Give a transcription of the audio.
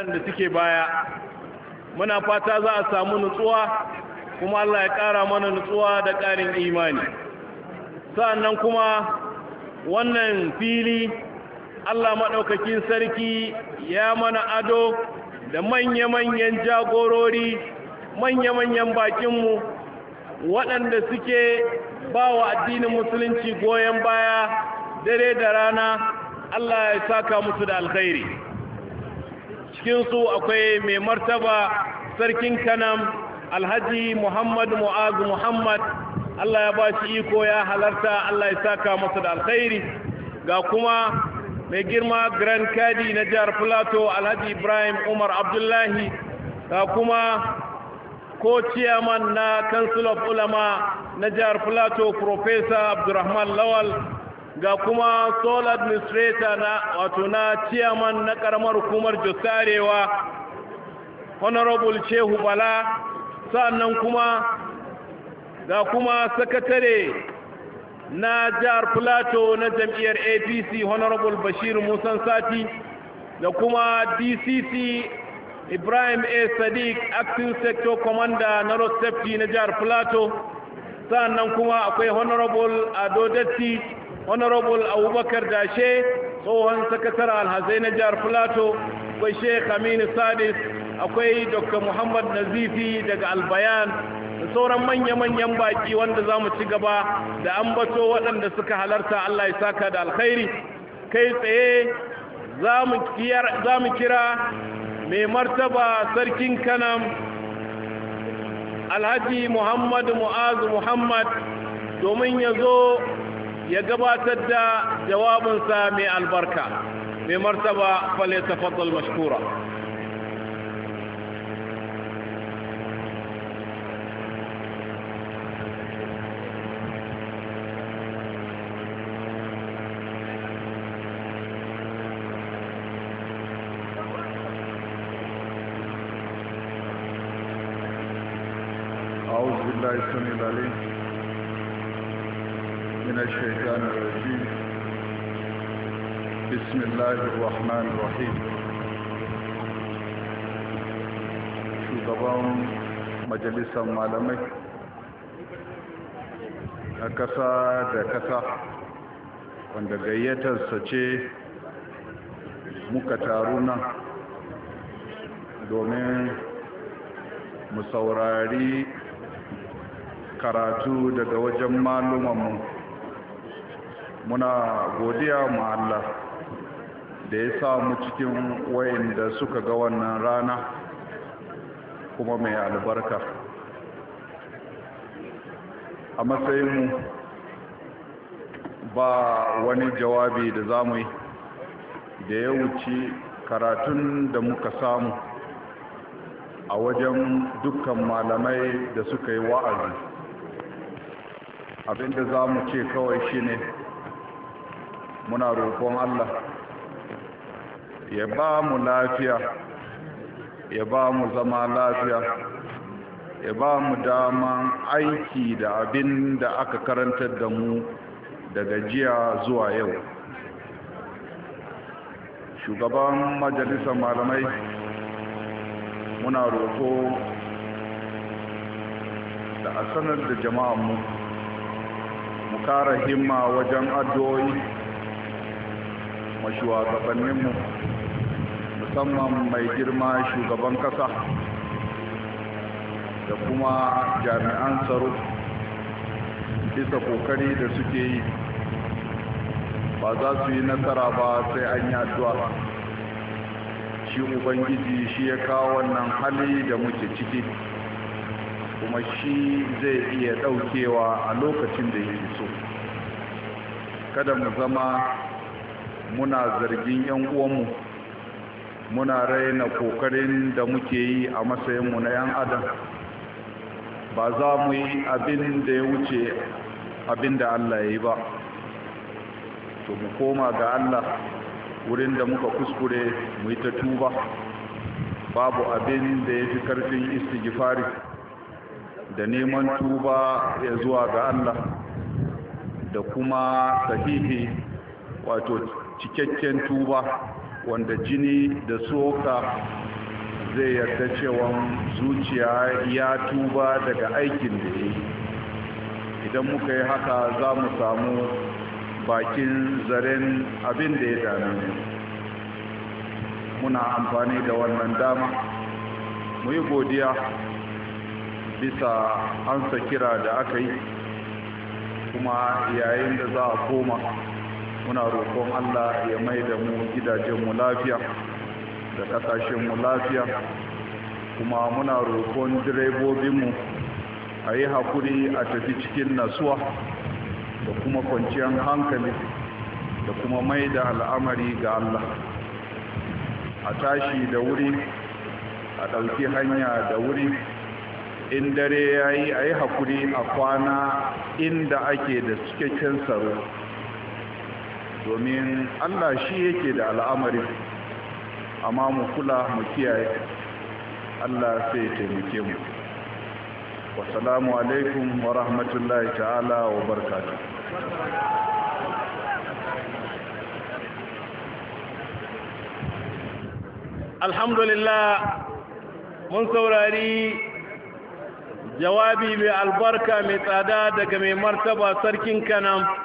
waɗanda suke baya muna fata za a samu nutsuwa kuma Allah ya ƙara mana nutsuwa da ƙarin imani sa'annan kuma wannan fili Allah maɗaukakin sarki ya mana ado da manya-manyan jagorori manya-manyan bakinmu waɗanda suke ba wa addinin musulunci goyon baya dare da rana Allah ya saka musu da alkhairi. cikinsu akwai mai martaba sarkin kanam alhaji muhammad mu'az muhammad allah ya ba shi iko ya halarta allah ya saka masa da alkhairi ga kuma mai girma grand kadi na jihar plateau alhaji ibrahim umar abdullahi ga kuma ko ciyaman na council of ulama na jihar plateau professor abdurrahman lawal ga kuma sole administrator na wato na chairman na karamar hukumar josarewa honorable shehu bala sannan kuma ga kuma sakatare na jihar plateau na jam'iyyar apc honorable bashir musan sati da kuma dcc ibrahim a sadiq acting sector commander na road safety na jihar plateau sannan kuma akwai honorable ado datti honorable abubakar dashe tsohon sakatar alhazai na jihar filato akwai sheikh aminu sadis akwai dr muhammad nazifi daga albayan da sauran manya-manyan baki wanda za mu ci gaba da ambato waɗanda suka halarta allah ya saka da alkhairi kai tsaye za mu kira mai martaba sarkin kanam alhaji muhammadu mu'azu muhammad domin ya zo يقباتد جواب سامي البركة بمرتبة فليتفضل مشكورة أعوذ بالله السميع العليم من الشيطان الرجيم بسم الله الرحمن shugaban majalisar malamai na ƙasa da ƙasa, wanda gayyatarsa ce muka taru nan domin mu saurari karatu daga wajen malaman mu. muna godiya ma Allah da ya sa mu cikin wayanda suka ga wannan rana kuma mai albarka a matsayinmu ba wani jawabi da za mu yi da ya wuce karatun da muka samu a wajen dukkan malamai da suka yi wa'azi abinda za mu ce kawai shine ne muna roƙon Allah ya ba mu lafiya ya ba mu zama lafiya ya ba mu daman aiki da abin da aka karanta da mu daga jiya zuwa yau shugaban majalisar malamai muna roƙo da a sanar da mu mu kara himma wajen addu'o'i kuma shugabanninmu musamman mai girma shugaban kasa da kuma jami'an tsaro bisa kokari da suke yi ba za su yi nasara ba sai an yaduwa addu'a shi ubangiji shi ya kawo wannan hali da muke ciki kuma shi zai iya ɗaukewa a lokacin da yake so kada mu zama muna zargin 'yan uwanmu muna raina kokarin da muke yi a matsayinmu na 'yan adam ba za mu yi abin da ya wuce abin da allah ya yi ba to mu koma ga allah wurin da muka kuskure mu yi ta tuba babu abin da ya fi karfin istigifari da neman tuba ya zuwa ga allah da kuma sahihi wato cikakken tuba wanda jini da soka zai yarda cewa zuciya ya tuba daga aikin da ya yi idan muka yi haka za mu samu bakin zaren abin da ya dame muna amfani da wannan dama mu yi godiya bisa ansa kira da aka yi kuma yayin da za a koma muna roƙon Allah ya mai da mu gidajenmu lafiya da ƙasashenmu lafiya kuma muna roƙon direbobinmu a yi haƙuri a tafi cikin nasuwa da kuma kwanciyar hankali da kuma mai da al'amari ga Allah a tashi da wuri a ɗauki hanya da wuri in dare ya yi a yi haƙuri a kwana inda ake da cikakken tsaro domin allah shi yake da al'amari amma mu kula mu kiyaye allah sai taimake mu wasalamu alaikum wa rahmatullahi ta'ala wa barkatu alhamdulillah mun saurari jawabi mai albarka mai tsada daga mai martaba sarkin kanan